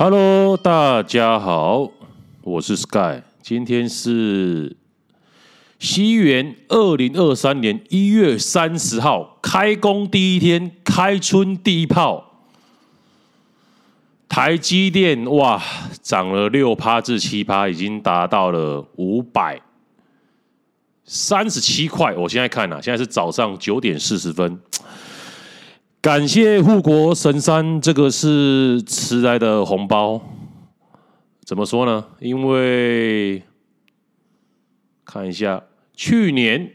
Hello，大家好，我是 Sky，今天是西元二零二三年一月三十號，開工第一天，開春第一炮，台積電哇，漲了六趴至七趴，已經達到了五百三十七塊。我現在看啊，現在是早上九點四十分。感謝護國神山，這個是遲來的紅包。怎麼說呢？因為看一下，去年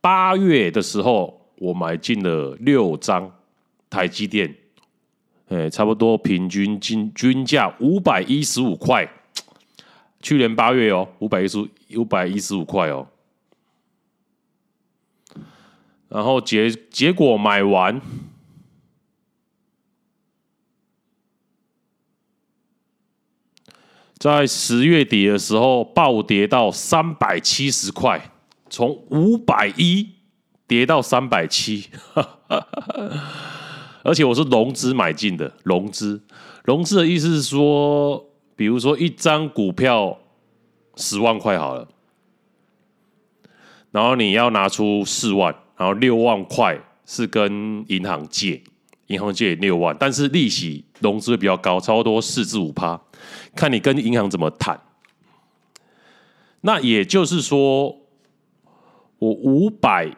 八月的時候，我買進了六張台積電，哎，差不多平均均均價五百一十五塊。去年八月哦，五百一十五，五百一十五塊哦。然後結結果買完，在十月底的時候暴跌到三百七十塊，從五百一跌到三百七，哈哈哈哈，而且我是融資買進的，融資，融資的意思是說，比如說一張股票十萬塊好了，然後你要拿出四萬。然後六萬塊是跟銀行借，銀行借六萬，但是利息融資比較高，差不多四至五趴，看你跟銀行怎麼談。那也就是說，我五百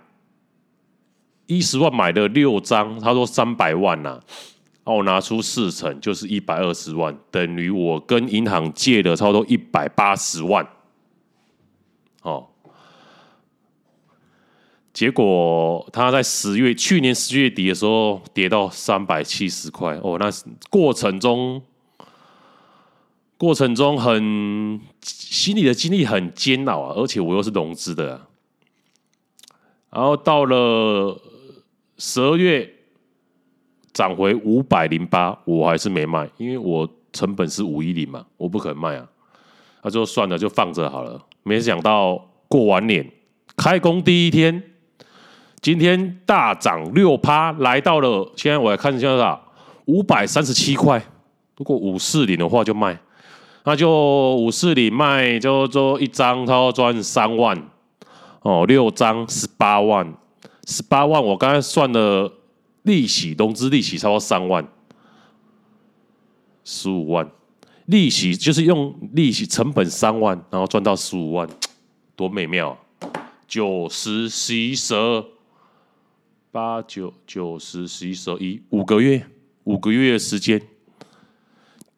一十萬買的六張，他說三百萬吶、啊，哦，拿出四成，就是一百二十萬，等於我跟銀行借了差不多一百八十萬。結果他在十月，去年十月底的時候跌到三百七十塊哦。那過程中，過程中很心理的經歷很煎熬啊，而且我又是融資的啊。然後到了十二月，漲回五百零八，我還是沒賣，因為我成本是五一零嘛，我不肯賣啊。那、啊、就算了，就放着好了。沒想到過完年開工第一天。今天大漲六趴，來到了現在我來看一下啥，五百三十七塊。如果五四零的話就賣，那就五四零賣，就做一張，他要賺三萬哦，六張十八萬，十八萬我剛才算了利息，融資利息差不多三萬，十五萬利息就是用利息成本三萬，然後賺到十五萬，多美妙啊，九蛇。八九九十十一十一五個月，五個月時間，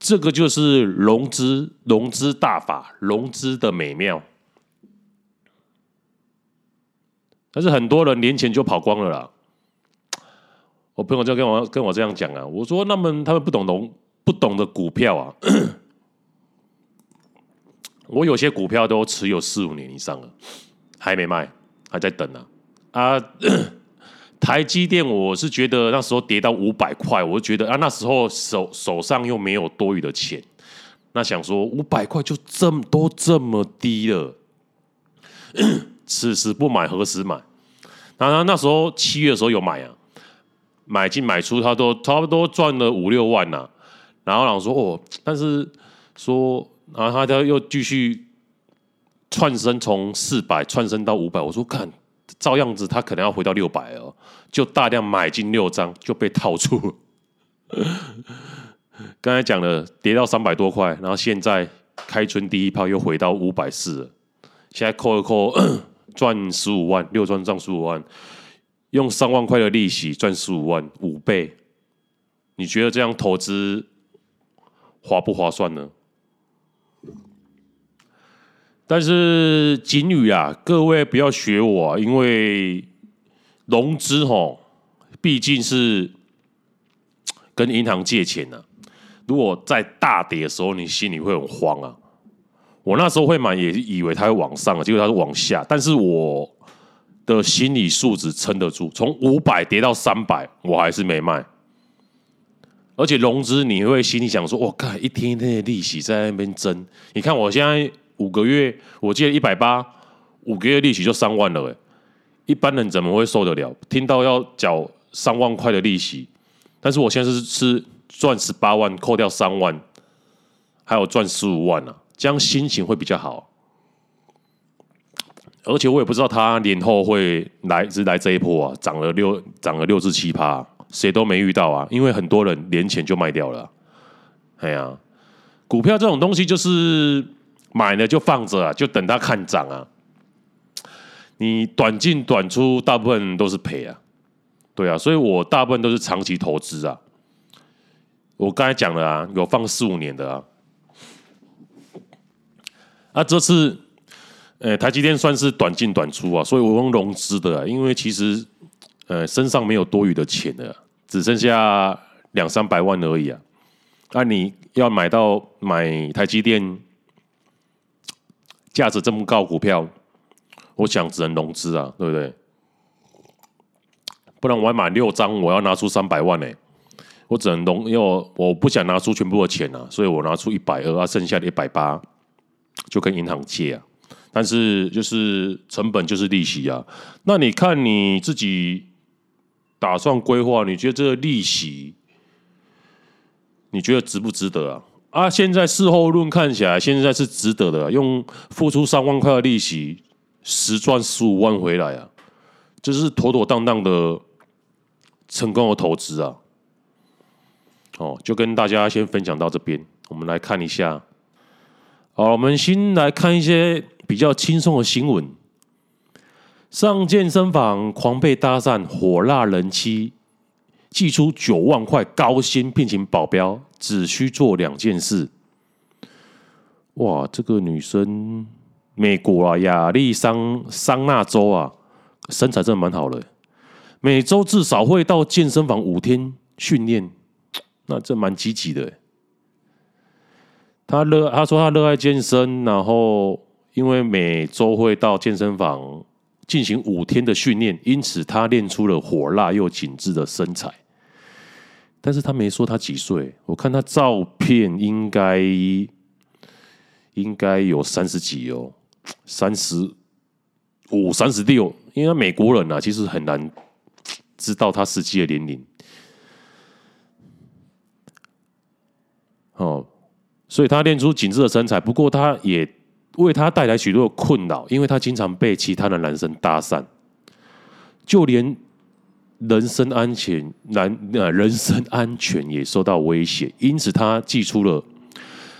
這個就是融資融資大法，融資的美妙。但是很多人年前就跑光了啦。我朋友就跟我跟我這樣講啊，我說他們他們不懂融，不懂的股票啊。我有些股票都持有四五年以上了，還沒賣，還在等啊。台積電，我是覺得那時候跌到五百塊，我就覺得啊，那時候手手上又沒有多餘的錢，那想說五百塊就這麼多這麼低了， 此時不買何時買？然、啊、後那時候七月的時候有買啊，買進買出，他都差不多賺了五六萬吶、啊。然後老說哦，但是說然後、啊、他就又繼續竄升，從四百竄升到五百，我說看，照樣子他可能要回到六百哦。就大量買進六張，就被套住了。剛 才講了，跌到三百多塊，然後現在開春第一炮又回到五百四，現在扣一扣賺十五萬，六張賺十五萬，用三萬塊的利息賺十五萬，五倍。你覺得這樣投資划不划算呢？但是錦羽啊，各位不要學我啊，因為。融資吼、喔，畢竟是跟銀行借錢的、啊。如果在大跌的時候，你心裡會很慌啊。我那時候會買，也以為它會往上、啊，結果它是往下。但是我的心理素質撐得住，從五百跌到三百，我還是沒賣。而且融資，你會心裡想說：“我靠，God, 一天一天的利息在那邊增。你看我現在五個月，我借一百八，五個月利息就三萬了、欸。”哎。一般人怎麼會受得了？聽到要繳三萬塊的利息，但是我現在是是賺十八萬，扣掉三萬，還有賺十五萬呢、啊，這樣心情會比較好、啊。而且我也不知道他年後會來，是來這一波啊，漲了六漲了六至七趴、啊，誰都沒遇到啊，因為很多人年前就賣掉了、啊。哎呀，股票這種東西就是買了就放着啊，就等它看漲啊。你短進短出，大部分都是賠啊，對啊，所以我大部分都是長期投資啊。我剛才講了啊，有放四五年的啊。啊，這次，呃，台積電算是短進短出啊，所以我用融資的啊，因為其實，呃，身上沒有多餘的錢了，只剩下兩三百萬而已啊，啊。那你要買到買台積電價值這麼高股票？我想只能融資啊，對不對？不然我還買六張，我要拿出三百萬呢，欸。我只能融，因為我，我不想拿出全部的錢啊，所以我拿出一百二啊，剩下的一百八就跟銀行借啊。但是就是成本就是利息啊。那你看你自己打算規劃，你覺得這個利息你覺得值不值得啊？啊，現在事後論看起來，現在是值得的，啊，用付出三萬塊的利息。十賺十五萬回來啊，這、就是妥妥當當的成功的投資啊！哦，就跟大家先分享到這邊。我們來看一下，好，我們先來看一些比較輕鬆的新聞。上健身房狂被搭訕，火辣人妻祭出九萬塊高薪聘請保鏢，只需做兩件事。哇，這個女生。美國啊，亞利桑桑那州啊，身材真的蠻好的欸。每周至少會到健身房五天訓練，那這蠻積極的欸。他熱，他說他熱愛健身，然後因為每周會到健身房進行五天的訓練，因此他練出了火辣又緊緻的身材。但是他沒說他幾歲，我看他照片應該應該有三十幾喔。三十五、三十六，因為美國人啊，其實很難知道他實際的年齡。哦，所以他練出緊緻的身材，不過他也為他帶來許多的困擾，因為他經常被其他的男生搭訕，就連人身安全，男、啊、人身安全也受到威脅，因此他祭出了。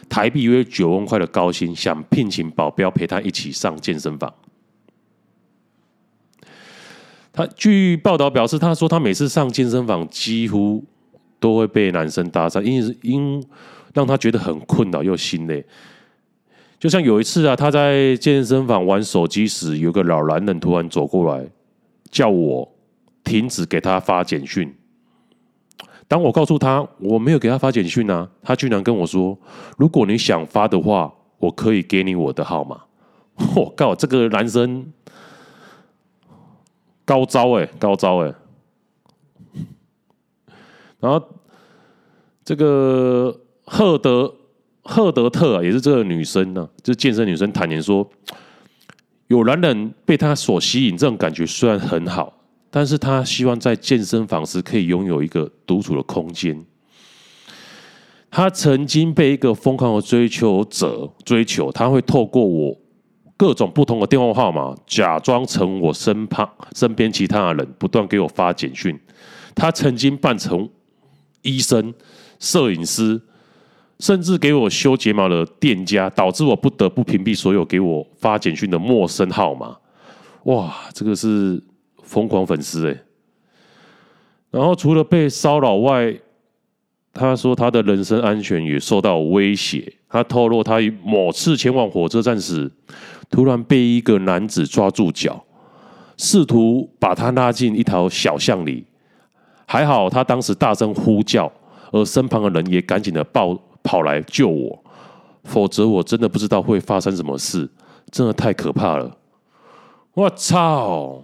台幣約九萬塊的高薪，想聘請保鏢陪他一起上健身房。他據報道表示，他說他每次上健身房幾乎都會被男生搭訕，因因讓他覺得很困擾又心累。就像有一次啊，他在健身房玩手機時，有個老男人突然走過來，叫我停止給他發簡訊。當我告訴他我沒有給他發簡訊啊，他居然跟我說：“如果你想發的話，我可以給你我的號碼。”我靠，這個男生高招哎，高招哎、欸欸！然後這個赫德赫德特、啊、也是這個女生呢、啊，就是健身女生坦言說：“有男人被她所吸引，這種感覺雖然很好。”但是他希望在健身房時可以擁有一個獨處的空間。他曾經被一個瘋狂的追求者追求，他會透過我各種不同的電話號碼，假裝成我身旁、身邊其他的人，不斷給我發簡訊。他曾經扮成醫生、攝影師，甚至給我修睫毛的店家，導致我不得不屏蔽所有給我發簡訊的陌生號碼。哇，這個是。瘋狂粉絲、欸、然後除了被騷擾外，他說他的人身安全也受到威脅。他透露，他一某次前往火車站時，突然被一個男子抓住腳，試圖把他拉進一條小巷裡。還好他當時大聲呼叫，而身旁的人也趕緊的抱跑來救我，否則我真的不知道會發生什麼事，真的太可怕了！我操！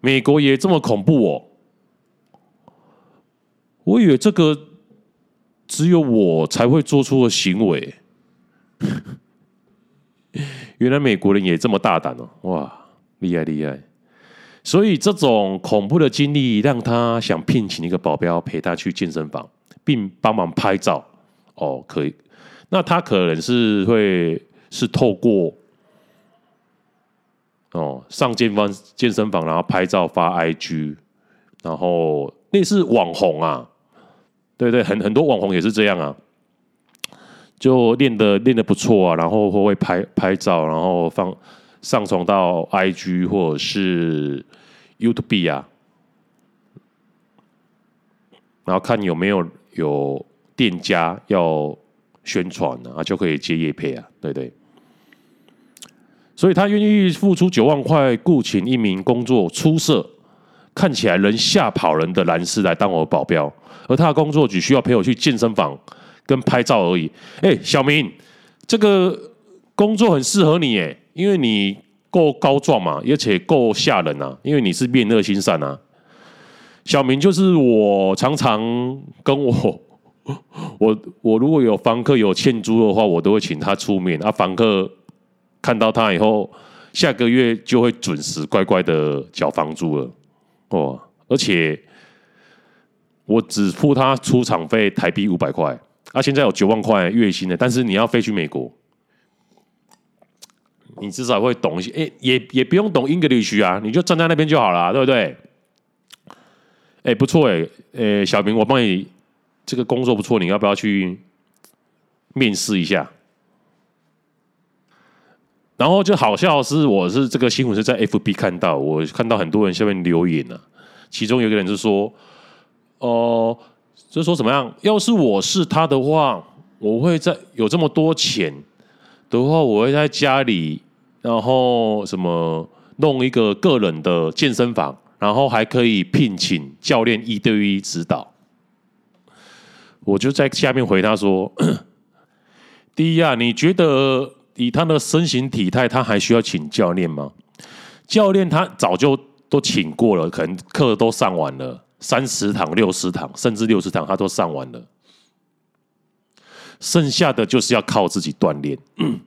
美國也這麼恐怖哦、喔！我以為這個只有我才會做出的行為，原來美國人也這麼大膽哦！哇，厲害厲害！所以這種恐怖的經歷讓他想聘請一個保鏢陪他去健身房，並幫忙拍照。哦，可以。那他可能是會是透過。哦，上健身房，健身房然後拍照發 IG，然後那是網紅啊，對不對？很很多網紅也是這樣啊，就練得練得不錯啊，然後會會拍拍照，然後放上傳到 IG 或者是 YouTube 啊。然後看有沒有有店家要宣傳啊，啊就可以接業配啊，對不對？所以他願意付出九萬塊僱請一名工作出色、看起來能嚇跑人的男士來當我保鏢，而他的工作只需要陪我去健身房跟拍照而已。哎，小明，這個工作很適合你哎、欸，因為你夠高壯嘛，而且夠嚇人吶、啊，因為你是面惡心善啊。小明就是我常常跟我我我如果有房客有欠租的話，我都會請他出面啊，房客。看到他以後，下個月就會準時乖乖的繳房租了，哦，而且我只付他出場費台幣五百塊，他、啊、現在有九萬塊月薪呢，但是你要飛去美國，你至少會懂一些，哎，也也不用懂英 s h 啊，你就站在那邊就好了、啊，對不對？哎，不錯哎，哎，小明，我幫你這個工作不錯，你要不要去面試一下？然後就好笑是，我是這個新聞是在 FB 看到，我看到很多人下面留言呢、啊，其中有個人就說，哦，就說怎麼樣？要是我是他的話，我會在有這麼多錢的話，我會在家裡，然後什麼弄一個個人的健身房，然後還可以聘請教練一對一指導。我就在下面回他說，第一啊，你覺得？以他的身形體態，他還需要請教練嗎？教練他早就都請過了，可能課都上完了，三十堂、六十堂，甚至六十堂，他都上完了。剩下的就是要靠自己鍛鍊。嗯，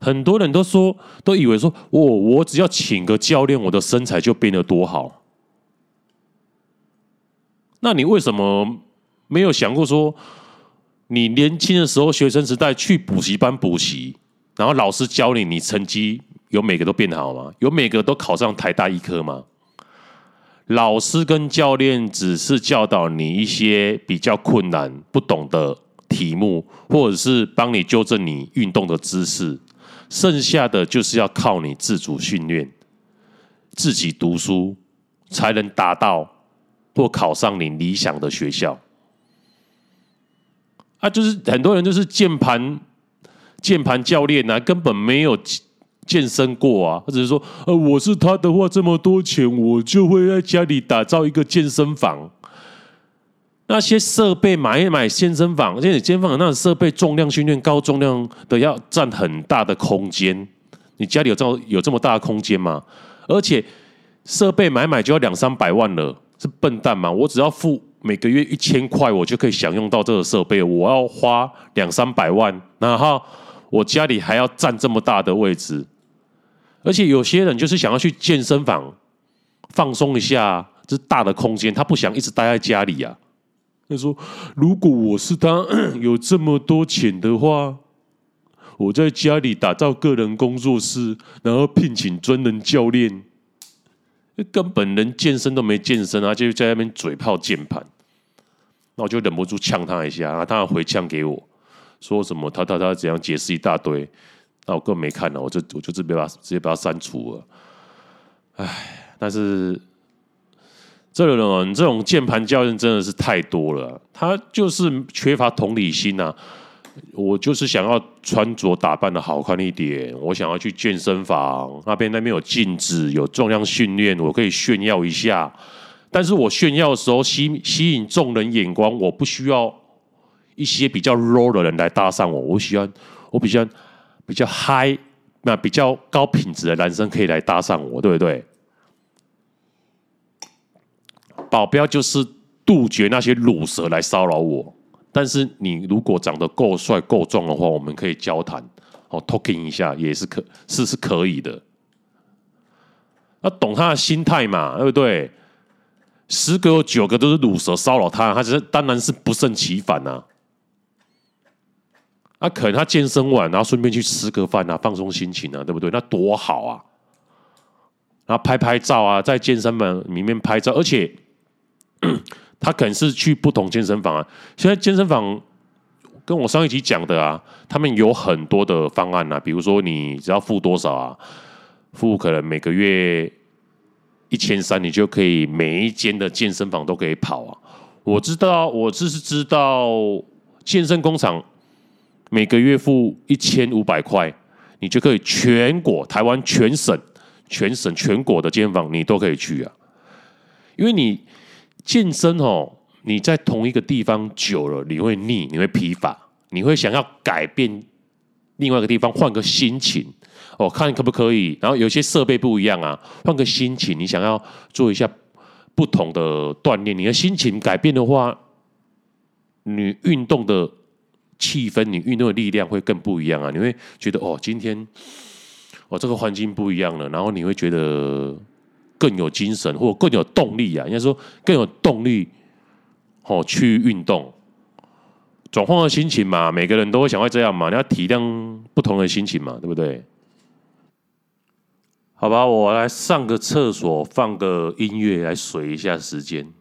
很多人都說，都以為說我我只要請個教練，我的身材就變得多好。那你為什麼沒有想過說，你年輕的時候，學生時代去補習班補習？然後老師教你，你成績有每個都變好嗎？有每個都考上台大醫科嗎？老師跟教練只是教導你一些比較困難不懂的題目，或者是幫你糾正你運動的姿勢，剩下的就是要靠你自主訓練，自己讀書才能達到或考上你理想的學校。啊，就是很多人就是鍵盤。鍵盤教練呢、啊，根本沒有健身過啊！他只是說：“呃，我是他的話，這麼多錢，我就會在家裡打造一個健身房。那些設備買一買健身房，而且健身房那種設備重量訓練、高重量的要占很大的空間。你家裡有這麼有這麼大的空間嗎？而且設備買一買就要兩三百萬了，是笨蛋嗎？我只要付每個月一千塊，我就可以享用到這個設備。我要花兩三百萬，然後我家裡還要占這麼大的位置，而且有些人就是想要去健身房放鬆一下，這大的空間他不想一直待在家裡呀。他說：“如果我是他，有這麼多錢的話，我在家裡打造個人工作室，然後聘請專人教練，根本連健身都沒健身啊，就在那邊嘴炮鍵盤。”那我就忍不住嗆他一下，他當然回嗆給我。說什麼？他他他怎樣解釋一大堆？那我更沒看了，我就我就這邊把直接把他刪除了。唉，但是這種你這種鍵盤教練真的是太多了，他就是缺乏同理心啊！我就是想要穿着打扮的好看一點，我想要去健身房那邊那邊有鏡子，有重量訓練，我可以炫耀一下。但是我炫耀的時候吸吸引眾人眼光，我不需要。一些比較 low 的人來搭訕我，我喜歡我比較比較 high，那比較高品質的男生可以來搭訕我，對不對？保鏢就是杜絕那些魯蛇來騷擾我。但是你如果長得夠帥夠壯的話，我們可以交談，哦，talking 一下也是可是是可以的、啊。要懂他的心態嘛，對不對？十個有九個都是魯蛇騷擾他，他是當然是不勝其煩吶。那、啊、可能他健身完，然後順便去吃個飯啊，放鬆心情啊，對不對？那多好啊！然後拍拍照啊，在健身房裡面拍照，而且他可能是去不同健身房啊。現在健身房跟我上一集講的啊，他們有很多的方案啊，比如說你只要付多少啊，付可能每個月一千三，你就可以每一間的健身房都可以跑啊。我知道，我只是知道健身工廠。每個月付一千五百塊，你就可以全國、台灣全省、全省全國的健身房你都可以去啊。因為你健身哦、喔，你在同一個地方久了，你會膩，你會疲乏，你會，你會想要改變另外一個地方，換個心情哦、喔，看可不可以。然後有些設備不一樣啊，換個心情，你想要做一下不同的鍛鍊，你的心情改變的話，你運動的。氣氛，你運動的力量會更不一樣啊！你會覺得哦，今天哦，這個環境不一樣了，然後你會覺得更有精神或更有動力啊，應該說更有動力，哦，去運動，轉換個心情嘛。每個人都會想會這樣嘛，你要體諒不同的心情嘛，對不對？好吧，我來上個廁所，放個音樂來水一下時間。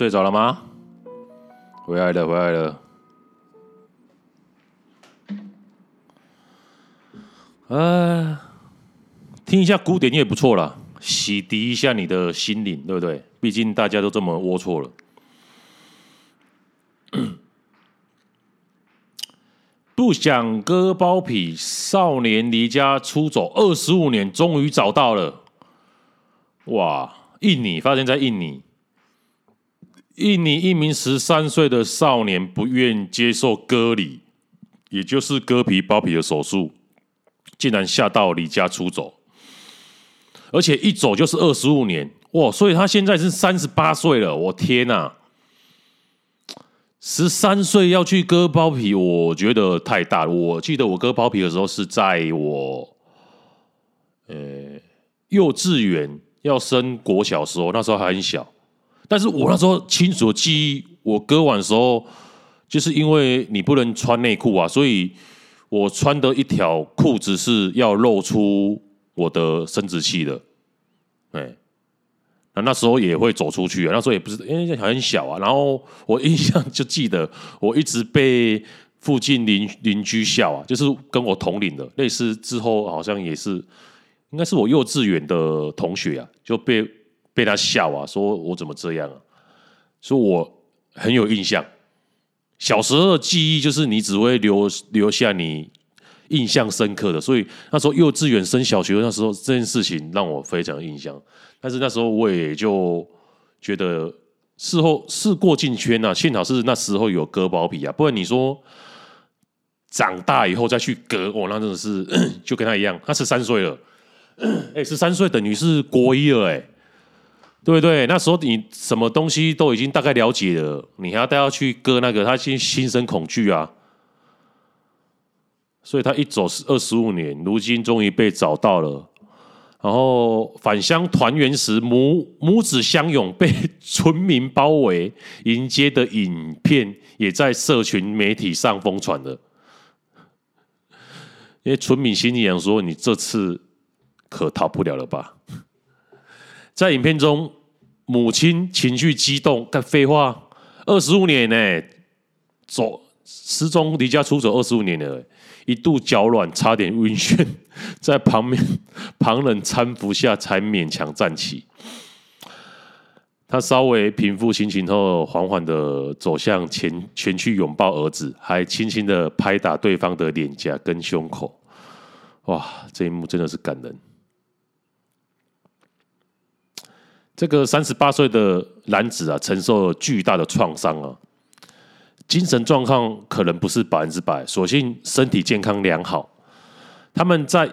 睡着了嗎？回來了，回來了。呃，聽一下古典音樂不錯了，洗滌一下你的心靈，對不對？畢竟大家都這麼齷齪了。不想割包皮，少年離家出走二十五年，終於找到了。哇！印尼，發生在印尼。印尼一名十三歲的少年不願接受割禮，也就是割皮包皮的手術，竟然嚇到離家出走，而且一走就是二十五年哇！所以他現在是三十八歲了，我天哪，啊！十三歲要去割包皮，我覺得太大了。我記得我割包皮的時候是在我呃、欸、幼稚園要升國小時候，那時候還很小。但是我那時候清楚記憶，我割完的時候，就是因為你不能穿內褲啊，所以我穿的一條褲子是要露出我的生殖器的，哎，那時候也會走出去啊，那時候也不是，因為好像很小啊。然後我印象就記得，我一直被附近鄰鄰居笑啊，就是跟我同齡的，類似之後好像也是，應該是我幼稚園的同學啊，就被。被他笑啊，說我怎麼這樣啊？說我很有印象，小時候的記憶就是你只會留留下你印象深刻的，所以那時候幼稚園升小學那時候，這件事情讓我非常印象，但是那時候我也就覺得事後事過境遷啊，幸好是那時候有割包皮啊，不然你說長大以後再去割，哦，我那真的是 就跟他一樣，他十三歲了，哎， 十三歲等於是國一了，哎。對不對？那時候你什麼東西都已經大概了解了，你還要帶他去割那個，他心心生恐懼啊。所以他一走是二十五年，如今終於被找到了，然後返鄉團圓時母母子相擁，被村民包圍，迎接的影片也在社群媒體上瘋傳了。因為村民心裡想說：“你這次可逃不了了吧？”在影片中，母親情緒激動，幹廢話，二十五年呢、欸，走失蹤、離家出走二十五年了、欸，一度腳軟，差點暈眩，在旁邊旁人攙扶下才勉強站起。她稍微平復心情後，緩緩的走向前前去擁抱兒子，還輕輕的拍打對方的臉頰跟胸口。哇，這一幕真的是感人。這個三十八歲的男子啊，承受了巨大的創傷啊，精神狀況可能不是百分之百，所幸身體健康良好。他們在，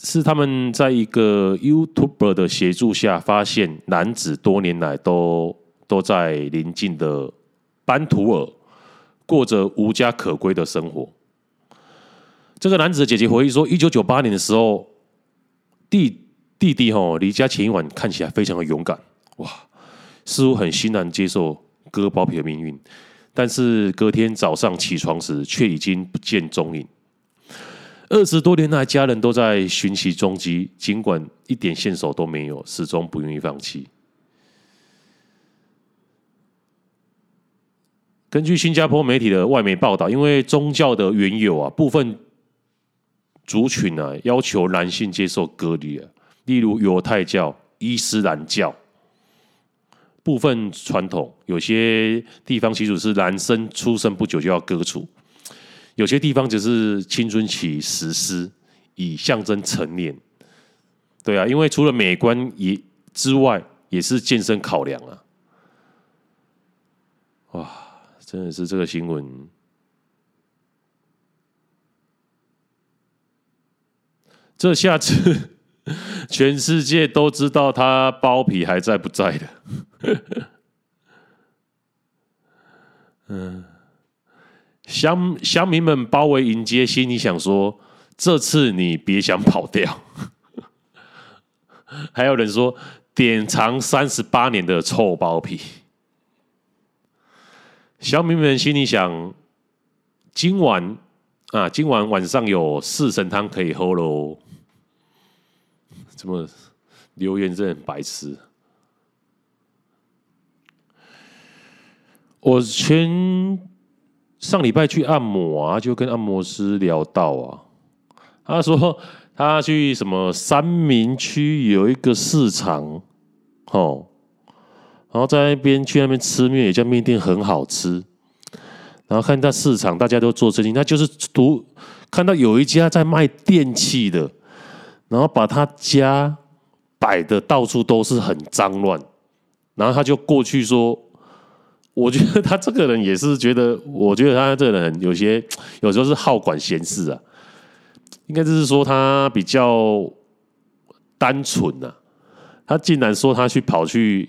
是他們在一個 YouTuber 的協助下，發現男子多年來都、都在鄰近的班圖爾過着無家可歸的生活。這個男子的姐姐回憶說，一九九八年的時候，弟弟弟吼、喔，離家前一晚看起來非常的勇敢，哇，似乎很欣然接受割包皮的命運，但是隔天早上起床時卻已經不見蹤影。二十多年來，家人都在尋其蹤跡，儘管一點線索都沒有，始終不願意放棄。根據新加坡媒體的外媒報道，因為宗教的緣由啊，部分族群呢、啊、要求男性接受割禮啊。例如猶太教、伊斯蘭教部分傳統，有些地方習俗是男生出生不久就要割除，有些地方只是青春期實施，以象徵成年。對啊，因為除了美觀也之外，也是健身考量啊。哇，真的是這個新聞，這下次。 全世界都知道他包皮還在不在的。 嗯，鄉鄉民們包圍迎接，心裡想說：這次你別想跑掉。 還有人說：典藏三十八年的臭包皮。鄉民們心裡想：今晚啊，今晚晚上有四神湯可以喝嘍。什麼留言真的很白痴。我前上禮拜去按摩啊,就跟按摩師聊到啊，他說他去什麼三民區有一個市場，哦，然後在那邊去那邊吃麵，也叫麵店，很好吃。然後看到市場，大家都做生意，那就是讀看到有一家在賣電器的。然後把他家擺的到處都是很髒亂，然後他就過去說：“我覺得他這個人也是覺得，我覺得他這個人有些有時候是好管閒事啊，應該就是說他比較單純吶、啊。他竟然說他去跑去，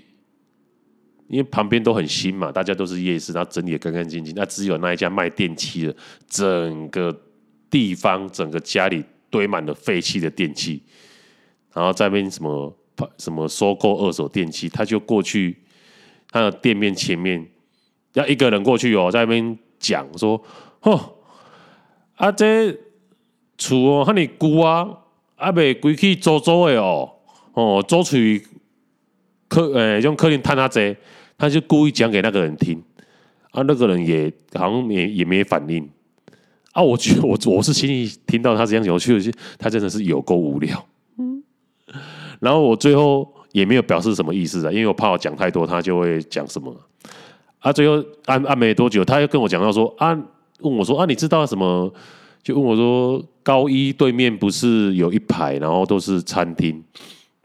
因為旁邊都很新嘛，大家都是夜市，然後整理的乾乾淨淨，那只有那一家賣電器的，整個地方整個家裡。”堆滿了廢棄的電器，然後在那邊什麼什麼收購二手電器，他就過去他的店面前面，要一個人過去哦、喔，在那邊講說，吼，啊這厝那你估啊，阿爸回去做做的哦，哦，做去客誒，用客人嘆阿這，他就故意講給那個人聽，啊，那個人也好像也也沒反應。啊，我覺我我是輕易聽到他這樣講，我就覺得他真的是有夠無聊。嗯，然後我最後也沒有表示什麼意思啊，因為我怕我講太多，他就會講什麼啊，啊最後。啊，最後按按沒多久，他又跟我講到說啊，問我說啊，你知道什麼？就問我說，高一對面不是有一排，然後都是餐廳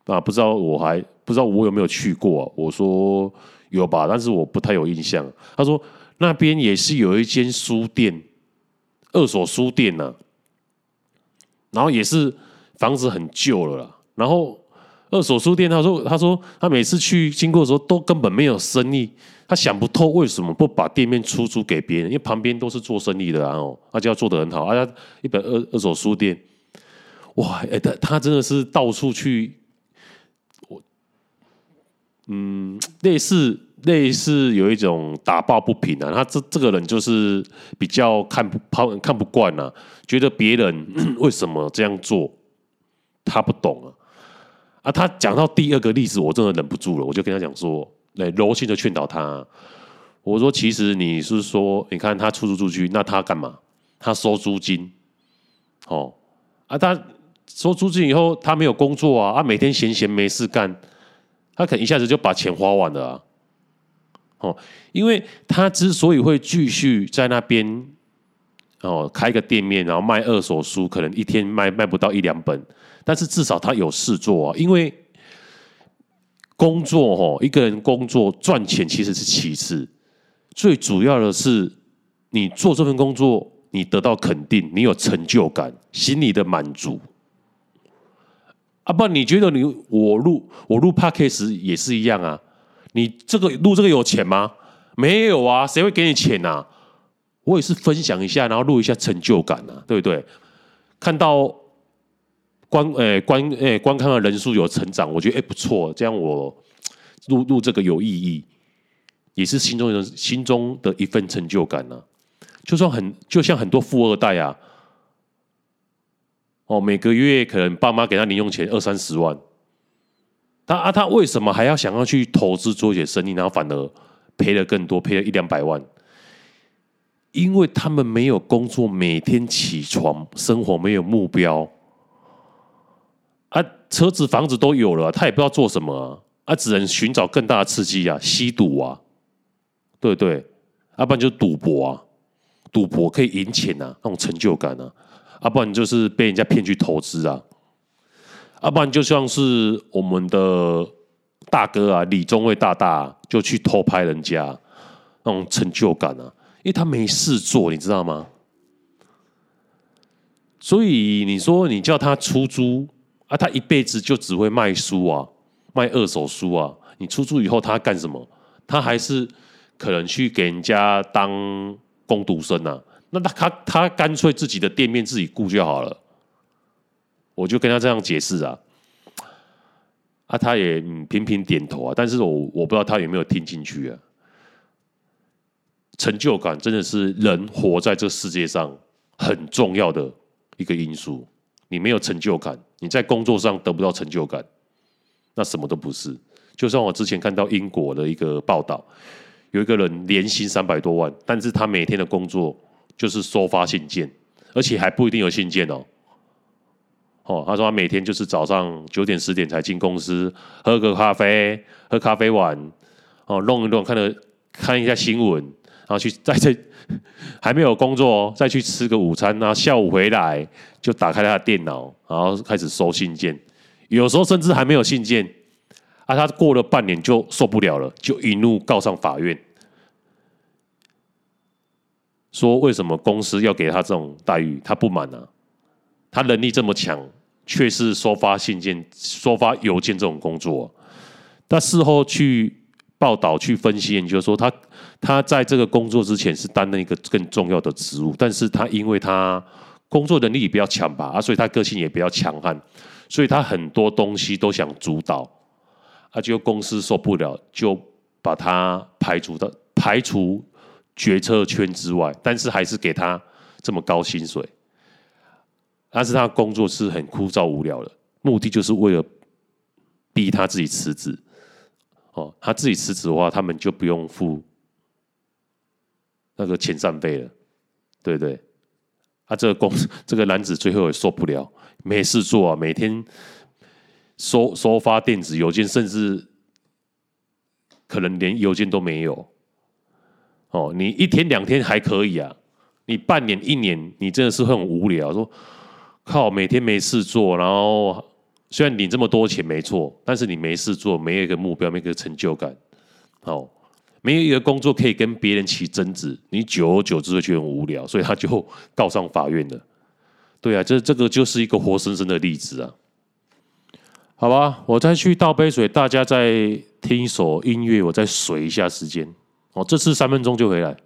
啊？不知道我還不知道我有沒有去過啊，我說有吧，但是我不太有印象。他說那邊也是有一間書店。二手書店吶、啊，然後也是房子很舊了，然後二手書店，他說：“他說他每次去經過的時候，都根本沒有生意。他想不透為什麼不把店面出租給別人？因為旁邊都是做生意的啊，哦，他就要做得很好、啊。他一本二二手書店，哇、欸！他他真的是到處去，我嗯，類似。”類似有一種打抱不平啊，他這這個人就是比較看不拋看不慣啊，覺得別人為什麼這樣做，他不懂啊。啊，他講到第二個例子，我真的忍不住了，我就跟他講說，來柔性的勸導他，啊。我說，其實你是說，你看他出租出去，那他幹嘛？他收租金，哦，啊，他收租金以後，他沒有工作啊，啊，每天閒閒沒事幹，他肯一下子就把錢花完了啊。哦，因為他之所以會繼續在那邊，哦，開個店面，然後賣二手書，可能一天賣賣不到一兩本，但是至少他有事做啊。因為工作哦，一個人工作賺錢其實是其次，最主要的是你做這份工作，你得到肯定，你有成就感，心理的滿足啊。不，你覺得你我錄我錄 Podcast 也是一樣啊。你這個錄這個有錢嗎？沒有啊，誰會給你錢吶、啊？我也是分享一下，然後錄一下成就感啊，對不對？看到觀誒觀誒觀看的人數有成長，我覺得誒、欸、不錯，這樣我錄錄這個有意義，也是心中人心中的一份成就感啊。就算很就像很多富二代啊，哦，每個月可能爸媽給他零用錢二三十萬。那、啊、他為什麼還要想要去投資做一些生意，然後反而賠了更多，賠了一兩百萬？因為他們沒有工作，每天起床生活沒有目標，啊，車子房子都有了、啊，他也不知道做什麼，啊，啊，只能尋找更大的刺激啊，吸毒啊，對不對、啊？要不然就賭博啊，賭博可以贏錢啊，那種成就感啊，啊，不然就是被人家騙去投資啊。要、啊、不然就像是我們的大哥啊，李宗偉大大就去偷拍人家那種成就感啊，因為他沒事做，你知道嗎？所以你說你叫他出租啊，他一輩子就只會賣書啊，賣二手書啊。你出租以後他幹什麼？他還是可能去給人家當工讀生啊，那他他他乾脆自己的店面自己顧就好了。我就跟他這樣解釋啊，啊，他也、嗯、頻頻點頭啊，但是我我不知道他有沒有聽進去啊。成就感真的是人活在這個世界上很重要的一個因素。你沒有成就感，你在工作上得不到成就感，那什麼都不是。就像我之前看到英國的一個報道，有一個人年薪三百多萬，但是他每天的工作就是收發信件，而且還不一定有信件哦。哦，他說他每天就是早上九點十點才進公司，喝個咖啡，喝咖啡完，哦，弄一弄，看了看一下新聞，然後去再去，還沒有工作，再去吃個午餐，然後下午回來就打開他的電腦，然後開始收信件，有時候甚至還沒有信件，啊，他過了半年就受不了了，就一怒告上法院，說，為什麼公司要給他這種待遇，他不滿啊，他能力這麼強。卻是收發信件，收發郵件這種工作，但事後去報道、去分析研究說，說他他在這個工作之前是擔任一個更重要的職務，但是他因為他工作能力比較強吧，啊，所以他個性也比較強悍，所以他很多東西都想主導，啊，就公司受不了，就把他排除到排除決策圈之外，但是還是給他這麼高薪水。但是他工作是很枯燥無聊的，目的就是為了逼他自己辭職。哦，他自己辭職的話，他們就不用付那個遣散費了。對對，他、啊、這個公司，這個男子最後也受不了，沒事做，啊，每天收收發電子郵件，甚至可能連郵件都沒有。哦，你一天兩天還可以啊，你半年一年，你真的是很無聊，說。靠，每天沒事做，然後雖然領這麼多錢沒錯，但是你沒事做，沒有一個目標，沒有一個成就感，哦，沒有一個工作可以跟別人起爭執，你久而久之就覺得很無聊，所以他就告上法院了。對啊，這這個就是一個活生生的例子啊。好吧，我再去倒杯水，大家再聽一首音樂，我再水一下時間。哦，這次三分鐘就回來。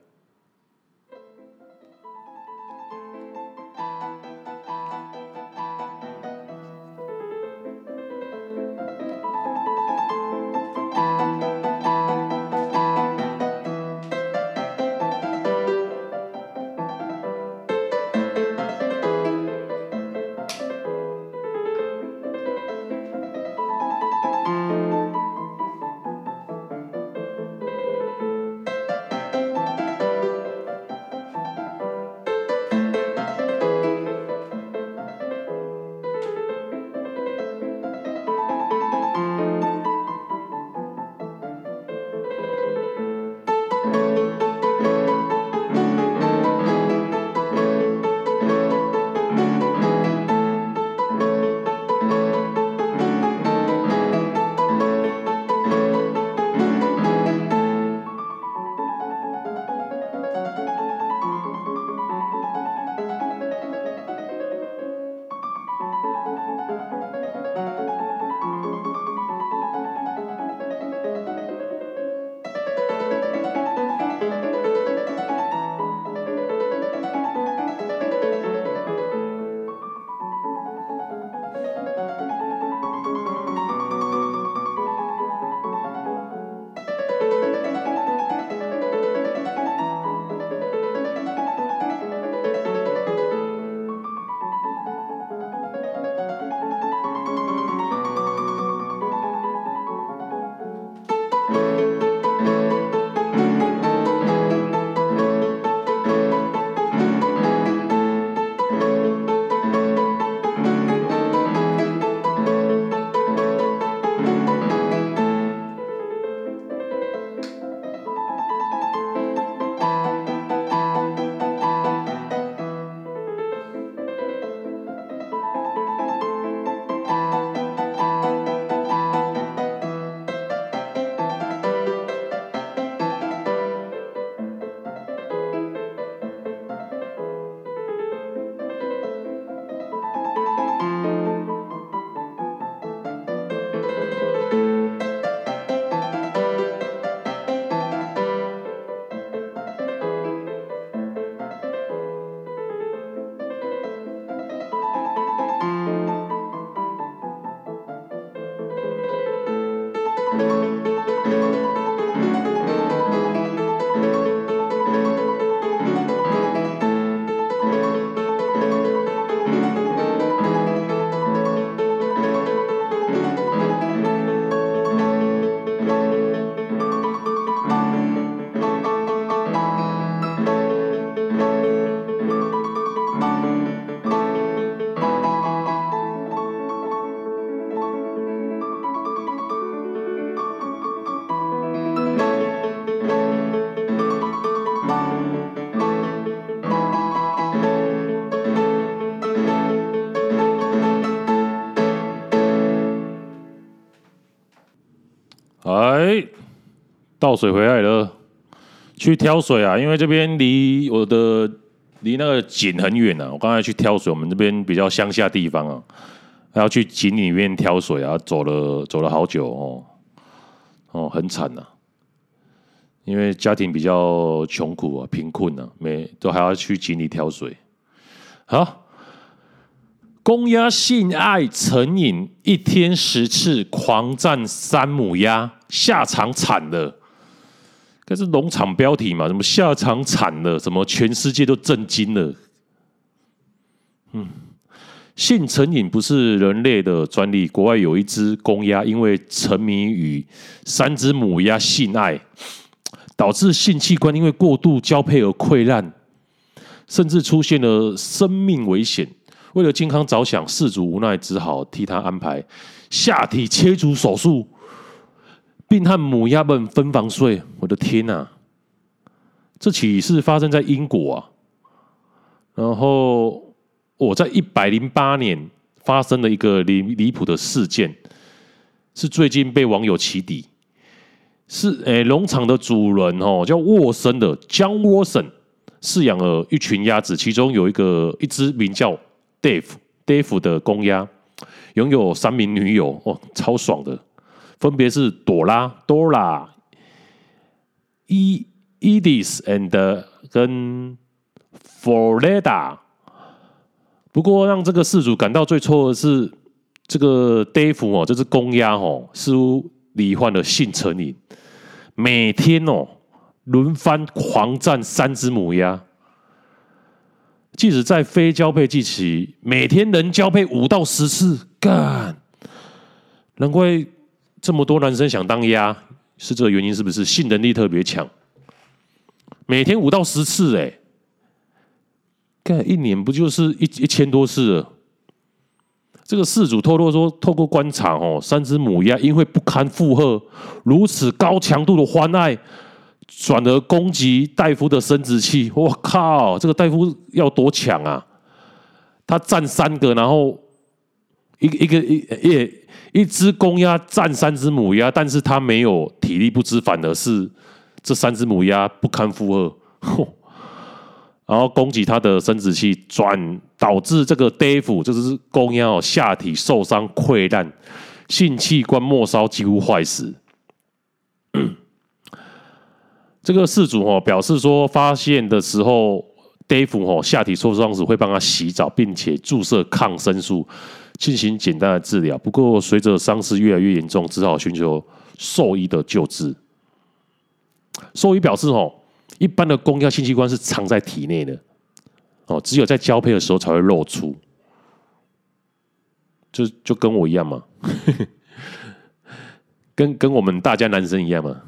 水回來了，去挑水啊！因為這邊離我的離那個井很遠吶、啊。我剛才去挑水，我們這邊比較鄉下地方啊，還要去井裡面挑水啊，走了走了好久哦，哦，很慘吶、啊，因為家庭比較窮苦啊，貧困啊，沒，都還要去井裡挑水。好、啊，公鴨性愛成癮，一天十次狂戰三母鴨，下場慘了。這是農場標題嘛，什麼下場慘了，什麼全世界都震驚了。嗯，性成癮不是人類的專利，國外有一只公鴨，因為沉迷於三只母鴨性愛，導致性器官因為過度交配而潰爛，甚至出現了生命危險。為了健康着想，飼主無奈只好替他安排下體切除手術。並和母鴨們分房睡，我的天吶、啊！這起是發生在英國啊？然後我、哦、在一百零八年發生了一個離離譜的事件，是最近被網友起底，是誒農場的主人哈、哦、叫沃森的 John Watson 飼養了一群鴨子，其中有一個一隻名叫 Dave Dave 的公鴨，擁有三名女友哦，超爽的。分別是朵拉、多拉、伊伊迪斯，and the, 跟佛雷達。不過，讓這個事主感到最錯的是，這個 Dave 哦，這只公鴨哦，似乎罹患了性成癮，每天哦輪番狂戰三只母鴨，即使在非交配季期，每天能交配五到十次，幹，難怪。這麼多男生想當鴨，是這個原因是不是？性能力特別強，每天五到十次哎、欸，幹一年不就是一一千多次了？這個事主透露說，透過觀察哦，三隻母鴨因為不堪負荷如此高強度的歡愛，轉而攻擊大夫的生殖器。我靠，這個大夫要多強啊！他佔三個，然後。一一個一一隻公鴨占三隻母鴨，但是它沒有體力不支，反而是這三隻母鴨不堪負荷，然後攻擊它的生殖器，轉導致這個 Dave 就是公鴨哦，下體受傷潰爛，性器官末梢幾乎壞死。這個事主哦表示說，發現的時候 Dave 下體受傷時會幫他洗澡，並且注射抗生素。進行簡單的治療，不過隨着傷勢越來越嚴重，只好尋求獸醫的救治。獸醫表示：“哦，一般的公鴨性器官是藏在體內的，哦，只有在交配的時候才會露出，就就跟我一樣嘛， 跟跟我們大家男生一樣嘛。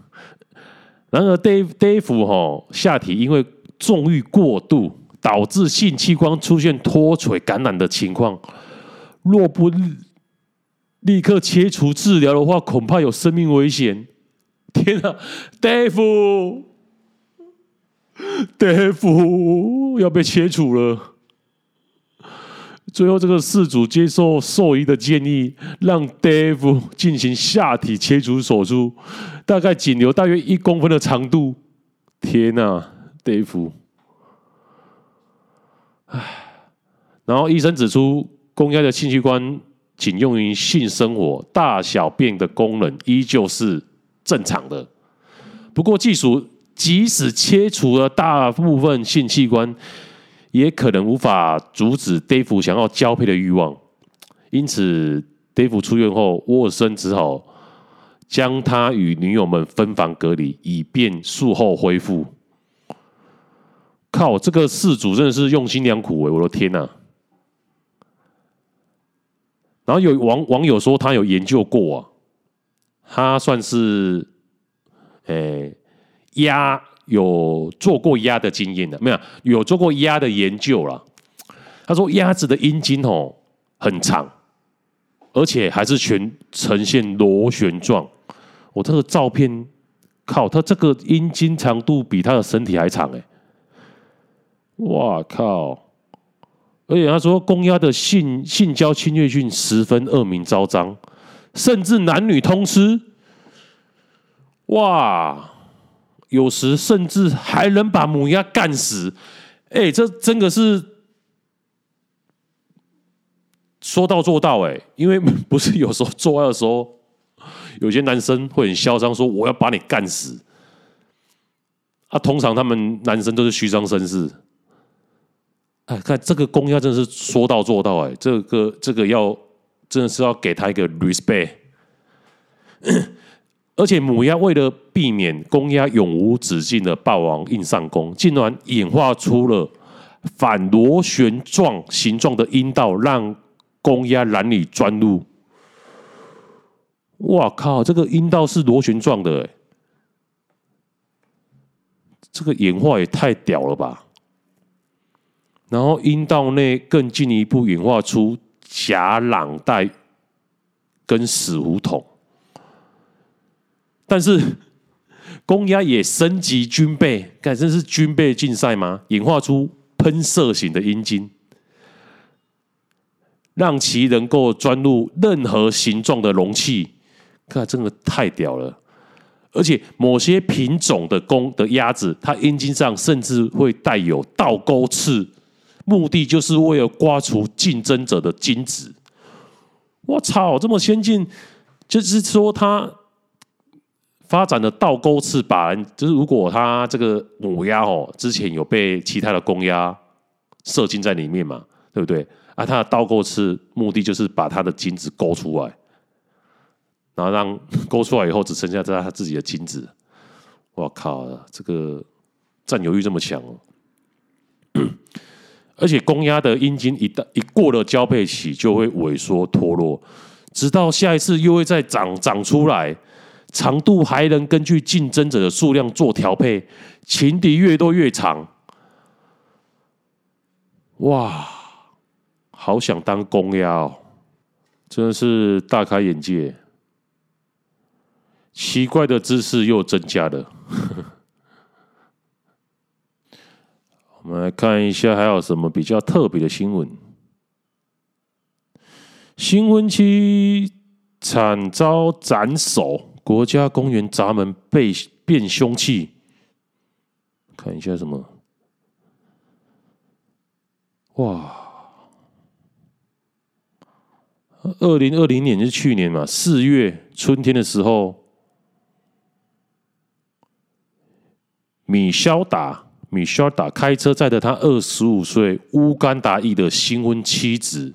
然而，Dave Dave 下體因為縱慾過度，導致性器官出現脫垂感染的情況。”若不立刻切除治療的話，恐怕有生命危險。天哪，Dave！Dave 要被切除了。最後，這個事主接受獸醫的建議，讓 Dave 進行下體切除手術，大概僅留大約一公分的長度。天哪，Dave！唉，然後醫生指出。公鴨的性器官僅用於性生活，大小便的功能依舊是正常的。不過，技術即使切除了大部分性器官，也可能無法阻止 Dave 想要交配的欲望。因此，Dave 出院後，沃森只好將他與女友們分房隔離，以便術後恢復。靠，這個事主真的是用心良苦，欸，我的天吶啊！然後有網網友說他有研究過啊，他算是，哎鴨有做過鴨的經驗的，沒有有做過鴨的研究了。他說鴨子的陰莖哦很長，而且還是全呈現螺旋狀。我這個照片，靠，他這個陰莖長度比他的身體還長哎、欸，哇靠！而且他說，公鴨的性性交侵略性十分惡名昭彰，甚至男女通吃。哇，有時甚至還能把母鴨幹死。哎、欸，這真的是說到做到、欸。哎，因為不是有時候做愛的時候，有些男生會很囂張，說我要把你幹死。啊，通常他們男生都是虛張聲勢。哎，看這個公鴨真是說到做到哎、欸，這個這個要真的是要給他一個 respect。 而且母鴨為了避免公鴨永無止境的霸王硬上弓，竟然演化出了反螺旋狀形狀的陰道，讓公鴨難以鑽入。哇靠！這個陰道是螺旋狀的、欸，這個演化也太屌了吧！然後陰道內更進一步演化出假囊袋跟死胡同，但是公鴨也升級軍備，改這是軍備競賽嗎？演化出噴射型的陰莖，讓其能夠鑽入任何形狀的容器。看，真的太屌了！而且某些品種的公的鴨子，它陰莖上甚至會帶有倒鈎刺。目的就是為了刮除競爭者的精子。我操，這麼先進，就是說他發展的倒鈎刺，把人就是如果他這個母鴨哦，之前有被其他的公鴨射精在裡面嘛，對不對？啊，它的倒鈎刺目的就是把它的精子勾出來，然後讓勾出來以後只剩下它它自己的精子。我靠，這個佔有慾這麼強哦、喔！ 而且公鴨的陰莖一旦一過了交配期，就會萎縮脫落，直到下一次又會再長長出來，長度還能根據競爭者的數量做調配，情敵越多越長。哇，好想當公鴨哦，真的是大開眼界，奇怪的知識又增加了。我們來看一下還有什麼比較特別的新聞。新婚期慘遭斬首，國家公園閘門被變凶器。看一下什麼？哇！二零二零年就是去年嘛？四月春天的時候，米肖達。米希爾達開車載着他二十五歲烏干達裔的新婚妻子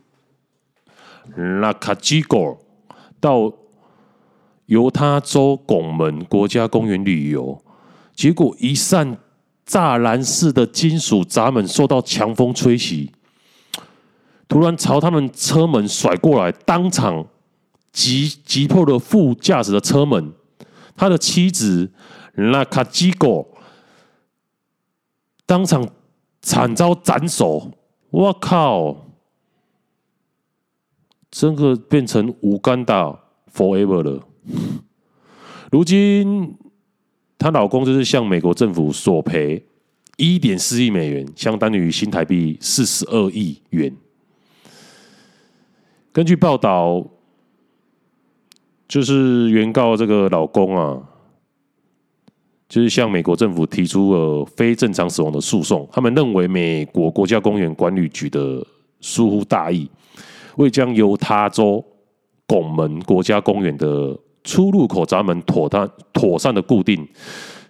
拉卡基戈到猶他州拱門國家公園旅遊，結果一扇柵欄式的金屬閘門受到強風吹襲，突然朝他們車門甩過來，當場擊擊破了副駕駛的車門。他的妻子拉卡基戈。Lakajiko 當場慘遭斬首，我靠！真的變成烏干達 forever 了。如今她老公就是向美國政府索賠一點四億美元，相當於新台幣四十二億元。根據報道，就是原告這個老公啊。就是向美國政府提出了非正常死亡的訴訟，他們認為美國國家公園管理局的疏忽大意，未將猶他州拱門國家公園的出入口閘門妥善妥善的固定，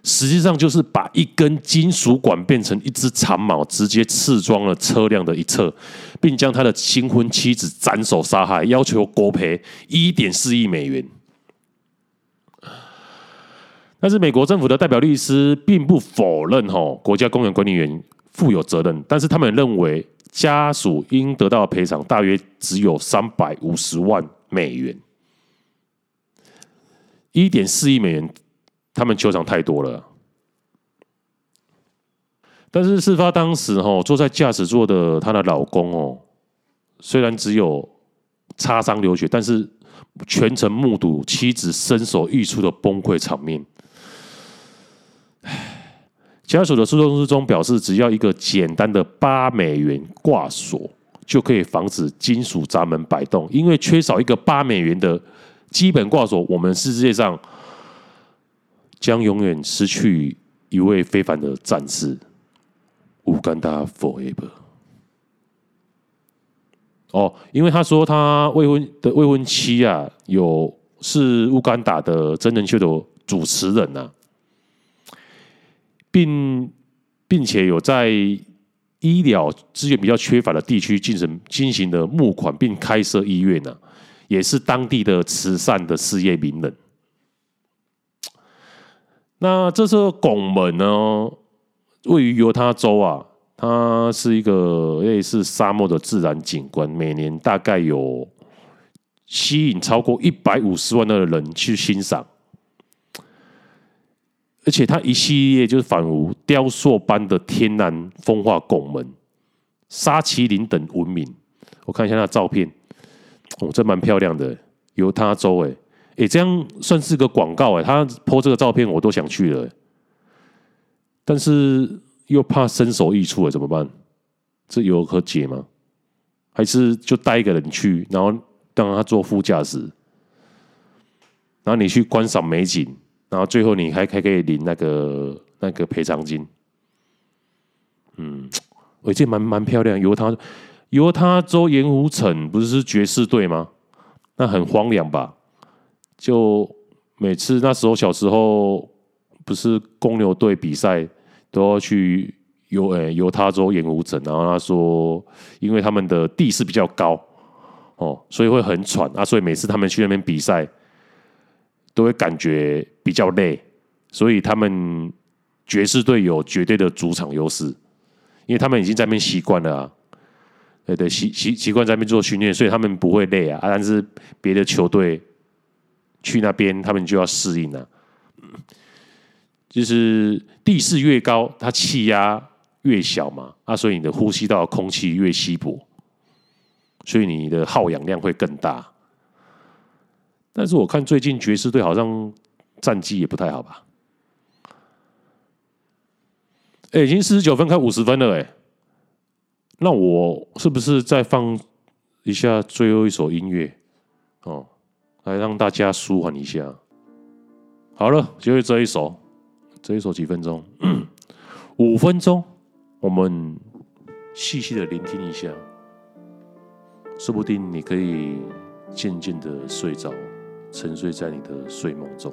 實際上就是把一根金屬管變成一支長矛，直接刺穿了車輛的一側，並將他的新婚妻子斬首殺害，要求國賠一點四億美元。但是美國政府的代表律師並不否認，哦，哈，國家公園管理員負有責任。但是他們認為家屬應得到賠償，大約只有三百五十萬美元，一點四億美元，他們求償太多了。但是事發當時，哦，哈，坐在駕駛座的她的老公，哦，雖然只有擦傷流血，但是全程目睹妻子身首異處的崩潰場面。唉，家屬的訴訟書中表示，只要一個簡單的八美元掛鎖就可以防止金屬閘門擺動。因為缺少一個八美元的基本掛鎖，我們世界上將永遠失去一位非凡的戰士——烏 干達 forever。哦，因為他說他未婚的未婚妻啊，有是烏干達的真人秀的主持人吶、啊。並並且有在醫療資源比較缺乏的地區進行進行的募款，並開設醫院呢，啊，也是當地的慈善的事業名人。那這座拱門呢，位於猶他州啊，它是一個類似沙漠的自然景觀，每年大概有吸引超過一百五十萬的人去欣賞。而且它一系列就是仿如雕塑般的天然風化拱門、沙麒麟等文明，我看一下他的照片，哦，這蠻漂亮的。猶他州，哎，哎，這樣算是個廣告哎，他 po 這個照片，我都想去了。但是又怕身首異處哎，怎麼辦？這有何解嗎？還是就帶一個人去，然後讓他坐副駕駛，然後你去觀賞美景。然後最後你還還可以領那個那個賠償金，嗯，我覺得蠻蠻漂亮。猶他，猶他州鹽湖城不是是爵士隊嗎？那很荒涼吧？就每次那時候小時候，不是公牛隊比賽都要去猶誒猶他州鹽湖城，然後他說，因為他們的地勢比較高哦，所以會很喘啊，所以每次他們去那邊比賽。都會感覺比較累，所以他們爵士隊有絕對的主場優勢，因為他們已經在那邊習慣了啊，對對，習習習慣在那邊做訓練，所以他們不會累啊。但是別的球隊去那邊，他們就要適應了，啊。就是地勢越高，它氣壓越小嘛，啊，所以你的呼吸道空氣越稀薄，所以你的耗氧量會更大。但是我看最近爵士隊好像戰績也不太好吧？哎，已經四十九分，開五十分了哎、欸。那我是不是再放一下最後一首音樂哦，來讓大家舒緩一下？好了，就是這一首，這一首幾分鐘、嗯？五分鐘，我們細細的聆聽一下，說不定你可以漸漸的睡着。沉睡在你的睡夢中。